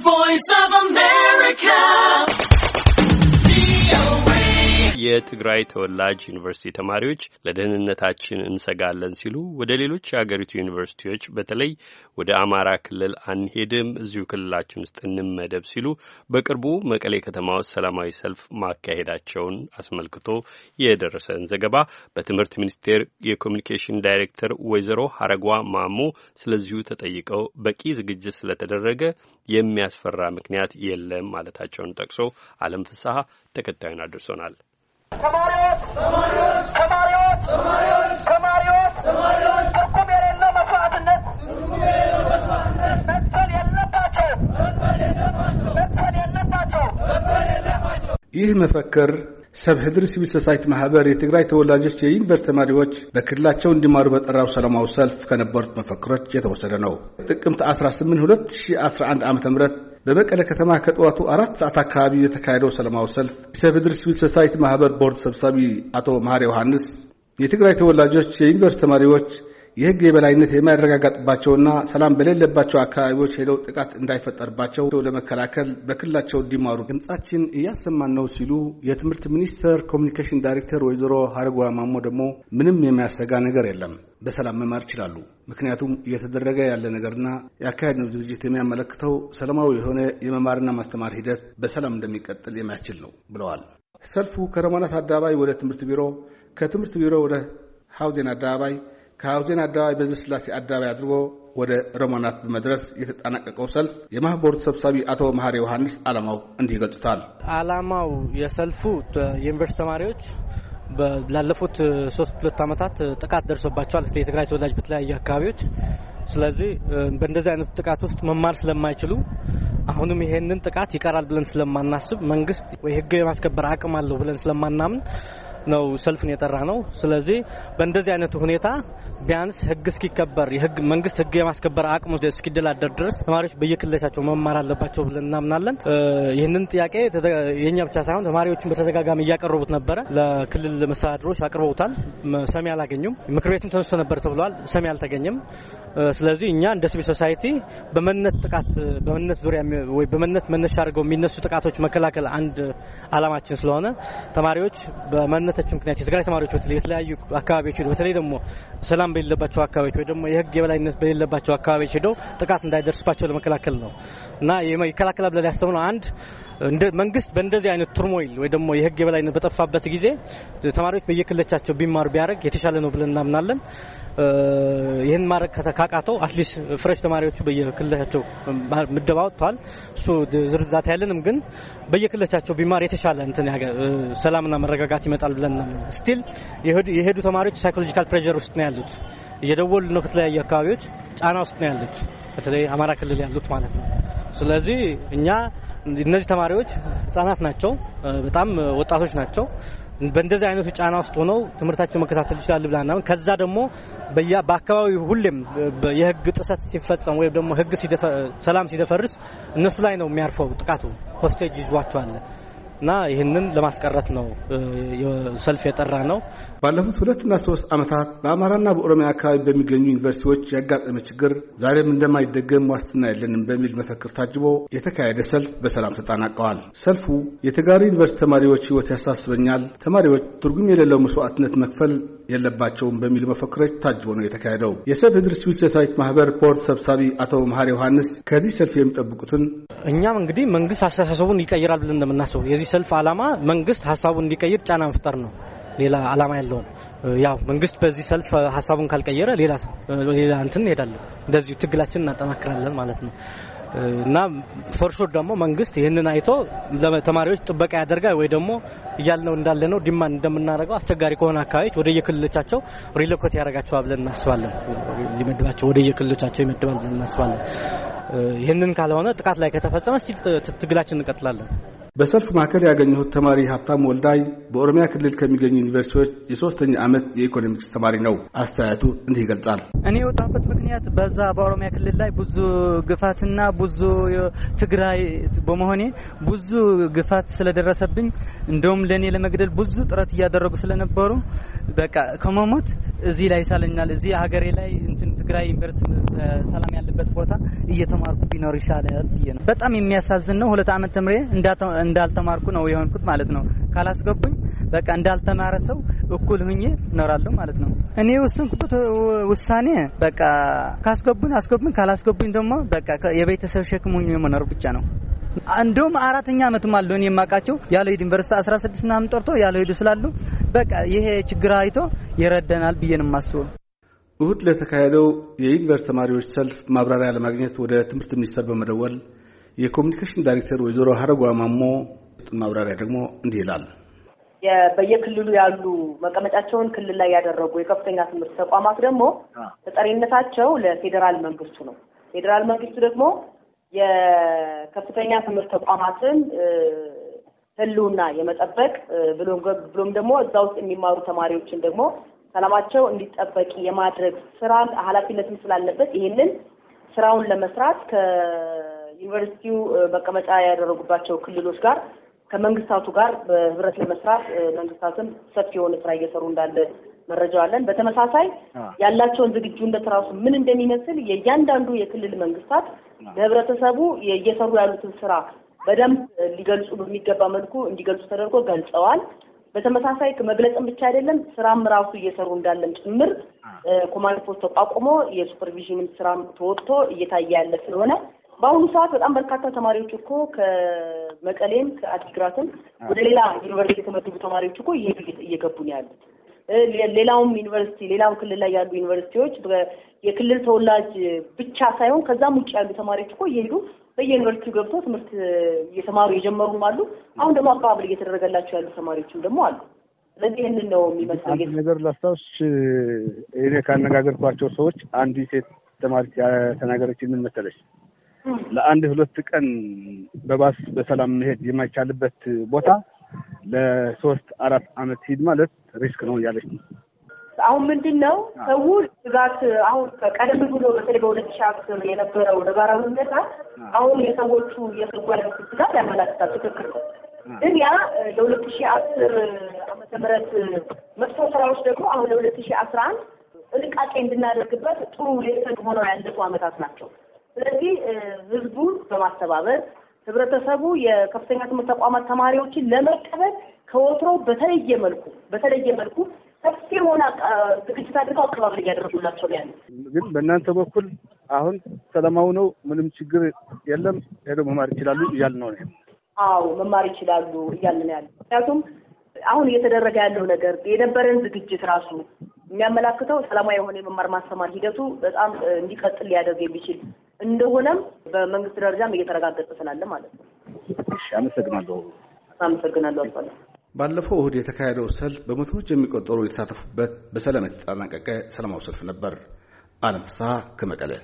Voice of a man. የትግራይ ተወላጅ ዩኒቨርሲቲ ተማሪዎች ለደህንነታችን እንሰጋለን ሲሉ ወደ ሌሎች የአገሪቱ ዩኒቨርሲቲዎች በተለይ ወደ አማራ ክልል አንሄድም፣ እዚሁ ክልላችን ውስጥ እንመደብ ሲሉ በቅርቡ መቀሌ ከተማ ውስጥ ሰላማዊ ሰልፍ ማካሄዳቸውን አስመልክቶ የደረሰን ዘገባ በትምህርት ሚኒስቴር የኮሚኒኬሽን ዳይሬክተር ወይዘሮ ሀረጓ ማሞ ስለዚሁ ተጠይቀው በቂ ዝግጅት ስለተደረገ የሚያስፈራ ምክንያት የለም ማለታቸውን ጠቅሶ አለም ፍስሐ ተከታዩን አድርሶናል። ይህ መፈክር ሰብ ሕድሪ ሲቪል ሶሳይቲ ማህበር የትግራይ ተወላጆች የዩኒቨርስቲ ተማሪዎች በክልላቸው እንዲማሩ በጠራው ሰላማዊ ሰልፍ ከነበሩት መፈክሮች የተወሰደ ነው። ጥቅምት 18 2011 ዓ ም በመቀለ ከተማ ከጠዋቱ አራት ሰዓት አካባቢ የተካሄደው ሰላማዊ ሰልፍ ኢሰብድር ሲቪል ሶሳይቲ ማህበር ቦርድ ሰብሳቢ አቶ መሐሪ ዮሐንስ የትግራይ ተወላጆች፣ የዩኒቨርስቲ ተማሪዎች የህግ የበላይነት የማይረጋገጥባቸውና ሰላም በሌለባቸው አካባቢዎች ሄደው ጥቃት እንዳይፈጠርባቸው ለመከላከል በክልላቸው እንዲማሩ ድምጻችን እያሰማን ነው ሲሉ የትምህርት ሚኒስቴር ኮሚኒኬሽን ዳይሬክተር ወይዘሮ ሀረጓ ማሞ ደግሞ ምንም የሚያሰጋ ነገር የለም፣ በሰላም መማር ይችላሉ። ምክንያቱም እየተደረገ ያለ ነገርና ያካሄድነው ዝግጅት የሚያመለክተው ሰላማዊ የሆነ የመማርና ማስተማር ሂደት በሰላም እንደሚቀጥል የሚያስችል ነው ብለዋል። ሰልፉ ከረማናት አደባባይ ወደ ትምህርት ቢሮ፣ ከትምህርት ቢሮ ወደ ሀውዜን አደባባይ ከሐውዜን አደባባይ በዚህ ስላሴ አደባባይ አድርጎ ወደ ሮማናት በመድረስ የተጠናቀቀው ሰልፍ የማህበሩ ሰብሳቢ አቶ መሀሪ ዮሐንስ አላማው እንዲህ ይገልጹታል። አላማው የሰልፉ የዩኒቨርስቲ ተማሪዎች ላለፉት ሶስት ሁለት ዓመታት ጥቃት ደርሶባቸዋል የትግራይ ተወላጅ በተለያዩ አካባቢዎች። ስለዚህ በእንደዚህ አይነት ጥቃት ውስጥ መማር ስለማይችሉ አሁንም ይሄንን ጥቃት ይቀራል ብለን ስለማናስብ መንግስት ወይ ህግ የማስከበር አቅም አለው ብለን ስለማናምን ነው ሰልፍን የጠራ ነው። ስለዚህ በእንደዚህ አይነቱ ሁኔታ ቢያንስ ህግ እስኪከበር የህግ መንግስት ህግ የማስከበር አቅሙ እስኪደላደር ድረስ ተማሪዎች በየክልላቸው መማር አለባቸው ብለን እናምናለን። ይህንን ጥያቄ የእኛ ብቻ ሳይሆን ተማሪዎችን በተደጋጋሚ እያቀረቡት ነበረ። ለክልል መስተዳድሮች አቅርበውታል። ሰሚ አላገኙም። ምክር ቤትም ተነስቶ ነበር ተብለዋል። ሰሚ አልተገኘም። ስለዚህ እኛ እንደ ሲቪል ሶሳይቲ በመነት ጥቃት በመነት ዙሪያ ወይ በመነት መነሻ አድርገው የሚነሱ ጥቃቶች መከላከል አንድ አላማችን ስለሆነ ተማሪዎች በመነት በራሳችን ምክንያት የትግራይ ተማሪዎች የተለያዩ አካባቢዎች ሄደው በተለይ ደግሞ ሰላም በሌለባቸው አካባቢዎች ወይ ደግሞ የህግ የበላይነት በሌለባቸው አካባቢዎች ሄደው ጥቃት እንዳይደርስባቸው ለመከላከል ነው እና ይከላከላ ብለን ያሰብነው አንድ መንግስት በእንደዚህ አይነት ቱርሞይል ወይ ደግሞ የህግ የበላይነት በጠፋበት ጊዜ ተማሪዎች በየክለቻቸው ቢማሩ ቢያደርግ የተሻለ ነው ብለን እናምናለን። ይህን ማድረግ ከተካቃተው አትሊስት ፍሬሽ ተማሪዎቹ በየክለቻቸው ምደባ ወጥተዋል። እሱ ዝርዛት ያለንም ግን በየክለቻቸው ቢማር የተሻለ እንትን ሰላምና መረጋጋት ይመጣል ብለን ስቲል የሄዱ ተማሪዎች ሳይኮሎጂካል ፕሬዠር ውስጥ ነው ያሉት። እየደወሉ ነው ከተለያዩ አካባቢዎች ጫና ውስጥ ነው ያሉት፣ በተለይ አማራ ክልል ያሉት ማለት ነው። ስለዚህ እኛ እነዚህ ተማሪዎች ህጻናት ናቸው፣ በጣም ወጣቶች ናቸው። በእንደዚህ አይነቱ ጫና ውስጥ ሆነው ትምህርታቸው መከታተል ይችላል ብላና ከዛ ደግሞ በአካባቢው ሁሌም የህግ ጥሰት ሲፈጸም ወይም ደግሞ ህግ ሰላም ሲደፈርስ እነሱ ላይ ነው የሚያርፈው ጥቃቱ። ሆስቴጅ ይዟቸዋል። እና ይህንን ለማስቀረት ነው ሰልፍ የጠራ ነው። ባለፉት ሁለትና ሶስት ዓመታት በአማራና በኦሮሚያ አካባቢ በሚገኙ ዩኒቨርሲቲዎች ያጋጠመ ችግር ዛሬም እንደማይደገም ዋስትና የለንም በሚል መፈክር ታጅቦ የተካሄደ ሰልፍ በሰላም ተጠናቀዋል። ሰልፉ የተጋሪ ዩኒቨርሲቲ ተማሪዎች ሕይወት ያሳስበኛል፣ ተማሪዎች ትርጉም የሌለው መስዋዕትነት መክፈል የለባቸውም በሚል መፈክሮች ታጅቦ ነው የተካሄደው። የሰብ ድርስ ሲቪል ማህበር ፖርት ሰብሳቢ አቶ መሀር ዮሐንስ ከዚህ ሰልፍ የሚጠብቁትን እኛም እንግዲህ መንግስት አስተሳሰቡን ይቀይራል ብለን እንደምናስበው የዚህ ሰልፍ አላማ መንግስት ሀሳቡን እንዲቀይር ጫና መፍጠር ነው። ሌላ አላማ ያለውም ያው መንግስት በዚህ ሰልፍ ሀሳቡን ካልቀየረ ሌላ ሌላ እንትን እንሄዳለን። እንደዚሁ ትግላችን እናጠናክራለን ማለት ነው እና ፎርሹር ደግሞ መንግስት ይህንን አይቶ ለተማሪዎች ጥበቃ ያደርጋል ወይ ደግሞ እያልነው እንዳለ ነው ዲማንድ እንደምናደርገው አስቸጋሪ ከሆነ አካባቢዎች የክልሎቻቸው ሪሎኮት ያደርጋቸዋል ብለን እናስባለን። ሊመድባቸው የክልሎቻቸው ይመድባል ብለን እናስባለን። ይህንን ካልሆነ ጥቃት ላይ ከተፈጸመ ስቲል ትግላችን እንቀጥላለን። በሰልፍ ማዕከል ያገኘሁት ተማሪ ሀብታም ወልዳይ በኦሮሚያ ክልል ከሚገኙ ዩኒቨርሲቲዎች የሶስተኛ ዓመት የኢኮኖሚክስ ተማሪ ነው። አስተያየቱ እንዲህ ይገልጻል። እኔ የወጣሁበት ምክንያት በዛ በኦሮሚያ ክልል ላይ ብዙ ግፋትና ብዙ ትግራይ በመሆኔ ብዙ ግፋት ስለደረሰብኝ እንደውም ለእኔ ለመግደል ብዙ ጥረት እያደረጉ ስለነበሩ በቃ ከመሞት እዚህ ላይ ይሳለኛል። እዚህ ሀገሬ ላይ እንትን ትግራይ ዩኒቨርሲቲ ሰላም ያለበት ቦታ እየተማርኩ ቢኖር ይሻላል ብዬ ነው። በጣም የሚያሳዝን ነው። ሁለት አመት ተምሬ እንዳልተማርኩ ነው የሆንኩት ማለት ነው። ካላስገቡኝ በቃ እንዳልተማረ ሰው እኩል ሁኜ እኖራለሁ ማለት ነው። እኔ የወሰንኩበት ውሳኔ በቃ ካስገቡኝ አስገቡኝ፣ ካላስገቡኝ ደግሞ በቃ የቤተሰብ ሸክም ሁኜ መኖር ብቻ ነው። እንደውም አራተኛ አመትም አለ እኔ የማውቃቸው ያለው ዩኒቨርሲቲ 16 ምናምን ጠርቶ ያለው ሄዱ ስላሉ በቃ ይሄ ችግር አይቶ ይረዳናል ብዬ ነው የማስበው። እሁድ ለተካሄደው የዩኒቨርሲቲ ተማሪዎች ሰልፍ ማብራሪያ ለማግኘት ወደ ትምህርት ሚኒስቴር በመደወል የኮሚኒኬሽን ዳይሬክተር ወይዘሮ ሀረጓ ማሞ ማብራሪያ ደግሞ እንዲህ ይላል። በየክልሉ ያሉ መቀመጫቸውን ክልል ላይ ያደረጉ የከፍተኛ ትምህርት ተቋማት ደግሞ ተጠሪነታቸው ለፌዴራል መንግስቱ ነው። ፌዴራል መንግስቱ ደግሞ የከፍተኛ ትምህርት ተቋማትን ህልውና የመጠበቅ ብሎም ደግሞ እዛ ውስጥ የሚማሩ ተማሪዎችን ደግሞ ሰላማቸው እንዲጠበቅ የማድረግ ስራ ኃላፊነትም ስላለበት ይህንን ስራውን ለመስራት ከዩኒቨርሲቲው መቀመጫ ያደረጉባቸው ክልሎች ጋር ከመንግስታቱ ጋር በህብረት ለመስራት መንግስታትም ሰፊ የሆነ ስራ እየሰሩ እንዳለ መረጃው አለን። በተመሳሳይ ያላቸውን ዝግጁነት ራሱ ምን እንደሚመስል የእያንዳንዱ የክልል መንግስታት ለህብረተሰቡ እየሰሩ ያሉትን ስራ በደንብ ሊገልጹ በሚገባ መልኩ እንዲገልጹ ተደርጎ ገልጸዋል። በተመሳሳይ መግለጽም ብቻ አይደለም ስራም ራሱ እየሰሩ እንዳለም ጭምር ኮማንድ ፖስት ተቋቁሞ የሱፐርቪዥንም ስራም ተወጥቶ እየታየ ያለ ስለሆነ በአሁኑ ሰዓት በጣም በርካታ ተማሪዎች እኮ ከመቀሌም ከአዲግራትም ወደ ሌላ ዩኒቨርሲቲ የተመደቡ ተማሪዎች እኮ እየገቡ ነው ያሉት። ሌላውም ዩኒቨርሲቲ ሌላም ክልል ላይ ያሉ ዩኒቨርሲቲዎች የክልል ተወላጅ ብቻ ሳይሆን ከዛም ውጭ ያሉ ተማሪዎች እኮ እየሄዱ በየዩኒቨርሲቲው ገብቶ ትምህርት እየተማሩ የጀመሩም አሉ። አሁን ደግሞ አቀባበል እየተደረገላቸው ያሉ ተማሪዎችም ደግሞ አሉ። ስለዚህ ይህንን ነው የሚመስለው ነገር ላስታውስ። እኔ ካነጋገርኳቸው ሰዎች አንዱ ሴት ተማሪ ተናገረች። ምን መሰለች? ለአንድ ሁለት ቀን በባስ በሰላም መሄድ የማይቻልበት ቦታ ለሶስት አራት አመት ሂድ ማለት ሪስክ ነው እያለች ነው። አሁን ምንድን ነው ሰው ስጋት አሁን ቀደም ብሎ በተለይ በሁለት ሺህ አስር የነበረው ነባራዊ ሁኔታ አሁን የሰዎቹ የስጓል ስጋት ያመላክታል። ትክክል ነው። ግን ያ ለሁለት ሺህ አስር ምህረት መጥፎ ስራዎች ደግሞ አሁን ለሁለት ሺህ አስራ አንድ ጥንቃቄ እንድናደርግበት ጥሩ ሌሰን ሆነው ያለፉ አመታት ናቸው። ስለዚህ ህዝቡን በማስተባበር ህብረተሰቡ የከፍተኛ ትምህርት ተቋማት ተማሪዎችን ለመቀበል ከወትሮ በተለየ መልኩ በተለየ መልኩ ሰፊ የሆነ ዝግጅት አድርገው አቀባበል እያደረጉላቸው ያለ ግን በእናንተ በኩል አሁን ሰላማዊ ነው፣ ምንም ችግር የለም፣ ሄዶ መማር ይችላሉ እያል ነው። አዎ መማር ይችላሉ እያል ነው ያለ። ምክንያቱም አሁን እየተደረገ ያለው ነገር የነበረን ዝግጅት ራሱ የሚያመላክተው ሰላማዊ የሆነ የመማር ማስተማር ሂደቱ በጣም እንዲቀጥል ሊያደርግ የሚችል እንደሆነም በመንግስት ደረጃም እየተረጋገጠ ስላለ ማለት ነው። አመሰግናለሁ። አመሰግናለሁ። ባለፈው እሁድ የተካሄደው ሰልፍ በመቶዎች የሚቆጠሩ የተሳተፉበት በሰላም የተጠናቀቀ ሰላማዊ ሰልፍ ነበር። አለም ፍስሐ ከመቀለ